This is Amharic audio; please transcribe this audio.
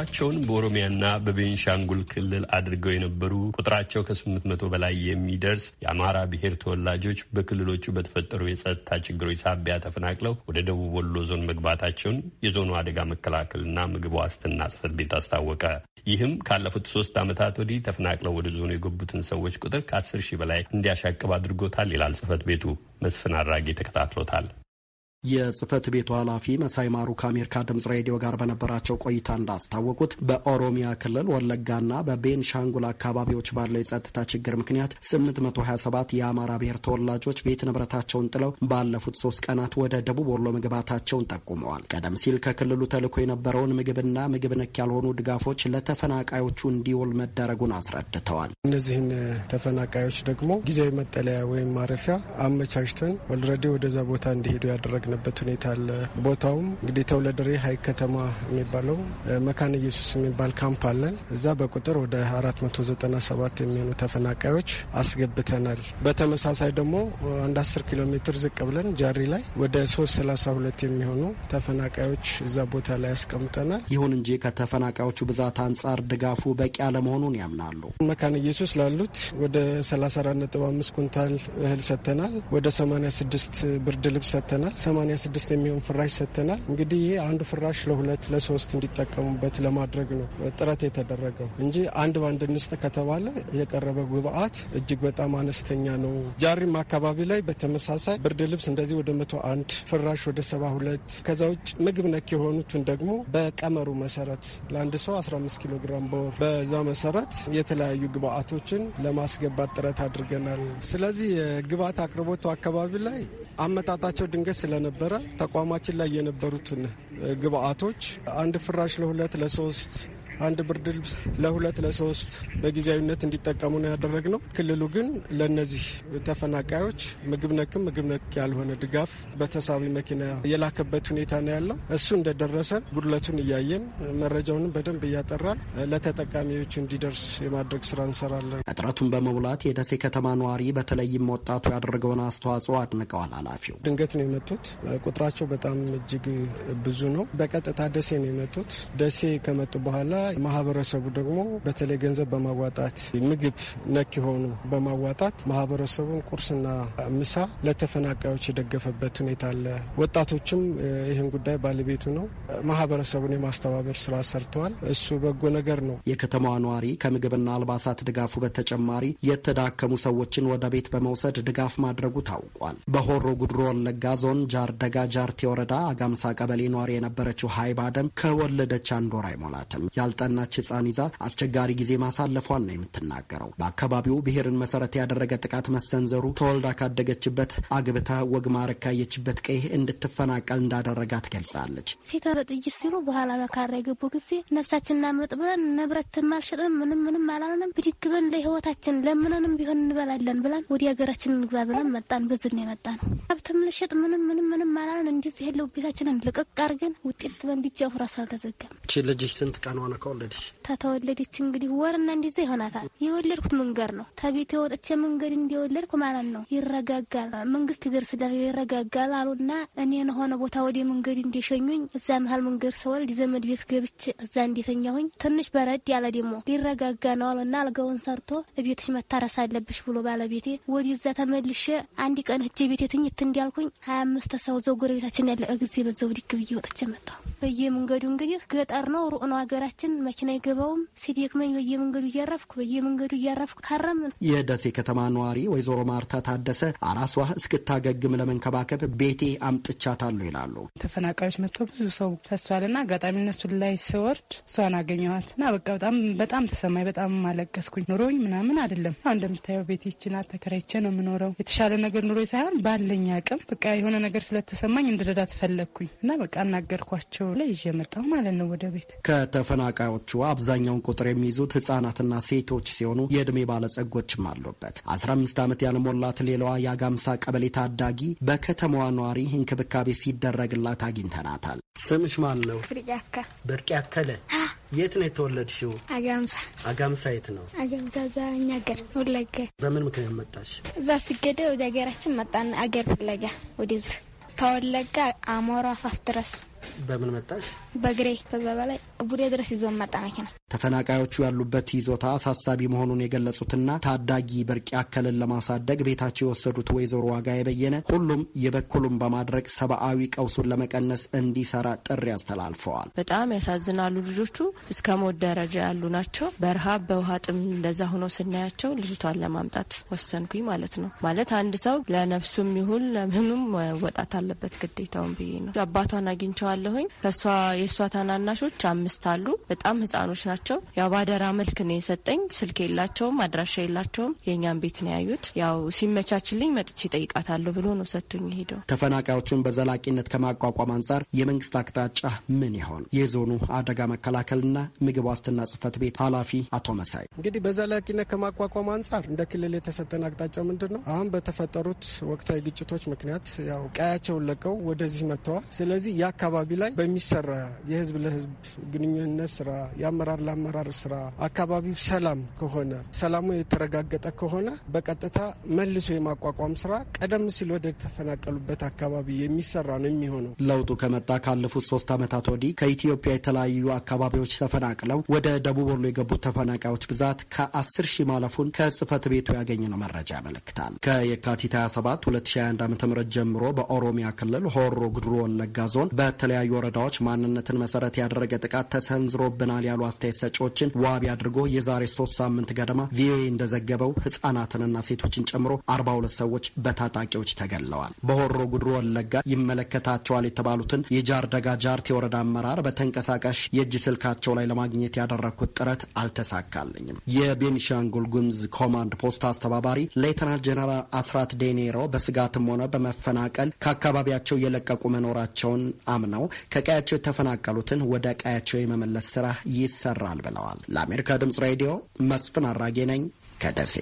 ጉዟቸውን በኦሮሚያና በቤንሻንጉል ክልል አድርገው የነበሩ ቁጥራቸው ከስምንት መቶ በላይ የሚደርስ የአማራ ብሔር ተወላጆች በክልሎቹ በተፈጠሩ የጸጥታ ችግሮች ሳቢያ ተፈናቅለው ወደ ደቡብ ወሎ ዞን መግባታቸውን የዞኑ አደጋ መከላከልና ምግብ ዋስትና ጽሕፈት ቤት አስታወቀ። ይህም ካለፉት ሶስት ዓመታት ወዲህ ተፈናቅለው ወደ ዞኑ የገቡትን ሰዎች ቁጥር ከአስር ሺህ በላይ እንዲያሻቅብ አድርጎታል ይላል ጽሕፈት ቤቱ። መስፍን አራጌ ተከታትሎታል። የጽህፈት ቤቱ ኃላፊ መሳይ ማሩ ከአሜሪካ ድምጽ ሬዲዮ ጋር በነበራቸው ቆይታ እንዳስታወቁት በኦሮሚያ ክልል ወለጋና በቤንሻንጉል አካባቢዎች ባለው የጸጥታ ችግር ምክንያት 827 የአማራ ብሔር ተወላጆች ቤት ንብረታቸውን ጥለው ባለፉት ሶስት ቀናት ወደ ደቡብ ወሎ መግባታቸውን ጠቁመዋል። ቀደም ሲል ከክልሉ ተልኮ የነበረውን ምግብና ምግብ ነክ ያልሆኑ ድጋፎች ለተፈናቃዮቹ እንዲውል መደረጉን አስረድተዋል። እነዚህን ተፈናቃዮች ደግሞ ጊዜያዊ መጠለያ ወይም ማረፊያ አመቻችተን ወልረዴ ወደዛ ቦታ እንዲሄዱ ያደረግ ያደረግንበት ሁኔታ አለ። ቦታውም እንግዲህ ተውለደሬ ሀይቅ ከተማ የሚባለው መካነ ኢየሱስ የሚባል ካምፕ አለን። እዛ በቁጥር ወደ 497 የሚሆኑ ተፈናቃዮች አስገብተናል። በተመሳሳይ ደግሞ አንድ 10 ኪሎ ሜትር ዝቅ ብለን ጃሪ ላይ ወደ 332 የሚሆኑ ተፈናቃዮች እዛ ቦታ ላይ ያስቀምጠናል። ይሁን እንጂ ከተፈናቃዮቹ ብዛት አንጻር ድጋፉ በቂ አለመሆኑን ያምናሉ። መካነ ኢየሱስ ላሉት ወደ 34.5 ኩንታል እህል ሰጥተናል። ወደ 86 ብርድ ልብስ ሰጥተናል። 86 ስድስት የሚሆን ፍራሽ ሰጥተናል። እንግዲህ ይህ አንዱ ፍራሽ ለሁለት ለሶስት እንዲጠቀሙበት ለማድረግ ነው ጥረት የተደረገው እንጂ አንድ ባንድ እንስጥ ከተባለ የቀረበ ግብአት እጅግ በጣም አነስተኛ ነው። ጃሪም አካባቢ ላይ በተመሳሳይ ብርድ ልብስ እንደዚህ ወደ መቶ አንድ ፍራሽ ወደ ሰባ ሁለት ከዛ ውጭ ምግብ ነክ የሆኑትን ደግሞ በቀመሩ መሰረት ለአንድ ሰው 15 ኪሎ ግራም በወር በዛ መሰረት የተለያዩ ግብአቶችን ለማስገባት ጥረት አድርገናል። ስለዚህ የግብአት አቅርቦቱ አካባቢ ላይ አመጣጣቸው ድንገት ስለነበረ ተቋማችን ላይ የነበሩትን ግብአቶች አንድ ፍራሽ ለሁለት ለሶስት አንድ ብርድ ልብስ ለሁለት ለሶስት በጊዜያዊነት እንዲጠቀሙ ነው ያደረግነው። ክልሉ ግን ለእነዚህ ተፈናቃዮች ምግብ ነክም ምግብ ነክ ያልሆነ ድጋፍ በተሳቢ መኪና የላከበት ሁኔታ ነው ያለው። እሱ እንደደረሰን ጉድለቱን እያየን መረጃውንም በደንብ እያጠራን ለተጠቃሚዎች እንዲደርስ የማድረግ ስራ እንሰራለን። እጥረቱን በመሙላት የደሴ ከተማ ነዋሪ በተለይም ወጣቱ ያደረገውን አስተዋጽኦ አድንቀዋል ኃላፊው። ድንገት ነው የመጡት። ቁጥራቸው በጣም እጅግ ብዙ ነው። በቀጥታ ደሴ ነው የመጡት። ደሴ ከመጡ በኋላ ማህበረሰቡ ደግሞ በተለይ ገንዘብ በማዋጣት ምግብ ነክ የሆኑ በማዋጣት ማህበረሰቡን ቁርስና ምሳ ለተፈናቃዮች የደገፈበት ሁኔታ አለ። ወጣቶችም ይህን ጉዳይ ባለቤቱ ነው፣ ማህበረሰቡን የማስተባበር ስራ ሰርተዋል። እሱ በጎ ነገር ነው። የከተማዋ ነዋሪ ከምግብና አልባሳት ድጋፉ በተጨማሪ የተዳከሙ ሰዎችን ወደ ቤት በመውሰድ ድጋፍ ማድረጉ ታውቋል። በሆሮ ጉድሮ ወለጋ ዞን ጃርደጋ ጃርቴ ወረዳ አጋምሳ ቀበሌ ነዋሪ የነበረችው ሀይባ አደም ከወለደች አንድ ወር አይሞላትም። ያልጠናች ህፃን ይዛ አስቸጋሪ ጊዜ ማሳለፏን ነው የምትናገረው። በአካባቢው ብሔርን መሰረት ያደረገ ጥቃት መሰንዘሩ ተወልዳ ካደገችበት አግብታ ወግ ማዕረግ ካየችበት ቀይ እንድትፈናቀል እንዳደረጋ ትገልጻለች። ፊቷ በጥይት ሲሉ በኋላ በካራ የገቡ ጊዜ ነፍሳችንን አምልጥ ብለን ንብረት አልሸጥንም ምንም ምንም አላለንም። ብድግ ብለን ለህይወታችን ለምነንም ቢሆን እንበላለን ብለን ወደ ሀገራችን እንግባ ብለን መጣን። ብዝን የመጣ ነው ሀብትም ልሸጥ ምንም ምንም ምንም አላለን። እንደዚህ ያለው ቤታችንን ልቅቅ አድርገን ውጤት በንዲጃ ራሱ አልተዘጋም። ልጅሽ ስንት ቀን ሆነ? ተወለድሽ? ተተወለደች እንግዲህ ወርና እንዲዘ ይሆናታል። የወለድኩት መንገድ ነው። ተቤት የወጥቼ መንገድ እንዲወለድኩ ማለት ነው። ይረጋጋል፣ መንግስት ይደርስላል፣ ይረጋጋል አሉና እኔን ሆነ ቦታ ወደ መንገድ እንዲሸኙኝ እዛ መሀል መንገድ ሰወልድ ዘመድ ቤት ገብቼ እዛ እንዲተኛሁኝ ትንሽ በረድ ያለ ደግሞ ሊረጋጋ ነው አሉና አልጋውን ሰርቶ እቤትሽ መታረስ አለብሽ ብሎ ባለቤቴ ወደዛ ተመልሼ አንድ ቀን ህጄ ቤት የትኝት እንዲያልኩኝ ሀያ አምስት ሰው ዘው ጎረቤታችን ያለ ጊዜ በዘው ሊክ ብዬ ወጥቼ መጣሁ። በየመንገዱ እንግዲህ ገጠር ነው ሩቅ ነው ሀገራችን ግን መኪና አይገባውም። ሲደክመኝ በየመንገዱ እያረፍኩ በየመንገዱ እያረፍኩ ታረምን። የደሴ ከተማ ነዋሪ ወይዘሮ ማርታ ታደሰ አራሷ እስክታገግም ለመንከባከብ ቤቴ አምጥቻታለሁ ይላሉ። ተፈናቃዮች መጥቶ ብዙ ሰው ፈሷልና አጋጣሚ እነሱ ላይ ስወርድ እሷን አገኘኋት እና በቃ በጣም በጣም ተሰማኝ። በጣም አለቀስኩኝ። ኑሮኝ ምናምን አይደለም አሁ እንደምታየው ቤቴችን አተከራይቼ ነው የምኖረው። የተሻለ ነገር ኑሮ ሳይሆን ባለኝ አቅም በቃ የሆነ ነገር ስለተሰማኝ እንድረዳት ፈለግኩኝ እና በቃ አናገርኳቸው ላይ ይዤ መጣሁ ማለት ነው ወደ ቤት ከተፈናቃ ተፈናቃዮቹ አብዛኛውን ቁጥር የሚይዙት ህጻናትና ሴቶች ሲሆኑ የዕድሜ ባለጸጎችም አሉበት። አስራ አምስት ዓመት ያልሞላት ሌላዋ የአጋምሳ ቀበሌ ታዳጊ በከተማዋ ነዋሪ እንክብካቤ ሲደረግላት አግኝተናታል። ስምሽ ማን ነው? ብርቅያካ ያከለ የት ነው የተወለድሽው? አጋምሳ። አጋምሳ የት ነው? አጋምሳ እዛ እኛ ሀገር በምን ምክንያት መጣሽ? እዛ ሲገደ ወደ ሀገራችን መጣን አገር ፍለጋ ወደዚህ ተወለጋ አሞራ አፋፍ ድረስ። በምን መጣሽ? በግሬ ከዛ በላይ ቡሬ ድረስ ይዞን መጣ መኪና ተፈናቃዮቹ ያሉበት ይዞታ አሳሳቢ መሆኑን የገለጹትና ታዳጊ በርቅ ያከልን ለማሳደግ ቤታቸው የወሰዱት ወይዘሮ ዋጋ የበየነ ሁሉም የበኩሉን በማድረግ ሰብአዊ ቀውሱን ለመቀነስ እንዲሰራ ጥሪ አስተላልፈዋል። በጣም ያሳዝናሉ። ልጆቹ እስከ ሞት ደረጃ ያሉ ናቸው። በረሃብ በውሃ ጥም እንደዛ ሆኖ ስናያቸው ልጅቷን ለማምጣት ወሰንኩኝ ማለት ነው። ማለት አንድ ሰው ለነፍሱም ይሁን ለምኑም መወጣት አለበት ግዴታውን ብዬ ነው። አባቷን አግኝቸዋለሁኝ። ከእሷ የእሷ ታናናሾች አምስት አሉ። በጣም ህጻኖች ናቸው። ናቸው። ያው ባደራ መልክ ነው የሰጠኝ። ስልክ የላቸውም፣ አድራሻ የላቸውም። የእኛን ቤት ነው ያዩት። ያው ሲመቻችልኝ መጥቼ ይጠይቃታለሁ ብሎ ነው ሰጥቶኝ ሄደው። ተፈናቃዮቹን በዘላቂነት ከማቋቋም አንጻር የመንግስት አቅጣጫ ምን ይሆን? የዞኑ አደጋ መከላከልና ምግብ ዋስትና ጽህፈት ቤት ኃላፊ አቶ መሳይ እንግዲህ በዘላቂነት ከማቋቋም አንጻር እንደ ክልል የተሰጠን አቅጣጫ ምንድን ነው? አሁን በተፈጠሩት ወቅታዊ ግጭቶች ምክንያት ያው ቀያቸውን ለቀው ወደዚህ መጥተዋል። ስለዚህ የአካባቢ ላይ በሚሰራ የህዝብ ለህዝብ ግንኙነት ስራ የአመራር አመራር ስራ አካባቢው ሰላም ከሆነ ሰላሙ የተረጋገጠ ከሆነ በቀጥታ መልሶ የማቋቋም ስራ ቀደም ሲል ወደ ተፈናቀሉበት አካባቢ የሚሰራ ነው የሚሆነው። ለውጡ ከመጣ ካለፉት ሶስት ዓመታት ወዲህ ከኢትዮጵያ የተለያዩ አካባቢዎች ተፈናቅለው ወደ ደቡብ ወሎ የገቡት ተፈናቃዮች ብዛት ከአስር ሺህ ማለፉን ከጽህፈት ቤቱ ያገኘነው መረጃ ያመለክታል። ከየካቲት 27 2021 ዓ.ም ጀምሮ በኦሮሚያ ክልል ሆሮ ጉድሮ ወለጋ ዞን በተለያዩ ወረዳዎች ማንነትን መሰረት ያደረገ ጥቃት ተሰንዝሮብናል ያሉ አስተያየት ሰጪዎችን ዋቢ አድርጎ የዛሬ ሶስት ሳምንት ገደማ ቪኦኤ እንደዘገበው ህጻናትንና ሴቶችን ጨምሮ አርባ ሁለት ሰዎች በታጣቂዎች ተገለዋል። በሆሮ ጉድሮ ወለጋ ይመለከታቸዋል የተባሉትን የጃርደጋ ጃርቴ ወረዳ አመራር በተንቀሳቃሽ የእጅ ስልካቸው ላይ ለማግኘት ያደረግኩት ጥረት አልተሳካልኝም። የቤኒሻንጉል ጉምዝ ኮማንድ ፖስት አስተባባሪ ሌተናል ጀነራል አስራት ዴኔሮ በስጋትም ሆነ በመፈናቀል ከአካባቢያቸው የለቀቁ መኖራቸውን አምነው ከቀያቸው የተፈናቀሉትን ወደ ቀያቸው የመመለስ ስራ ይሰራ ይኖራል ብለዋል። ለአሜሪካ ድምጽ ሬዲዮ መስፍን አራጌ ነኝ ከደሴ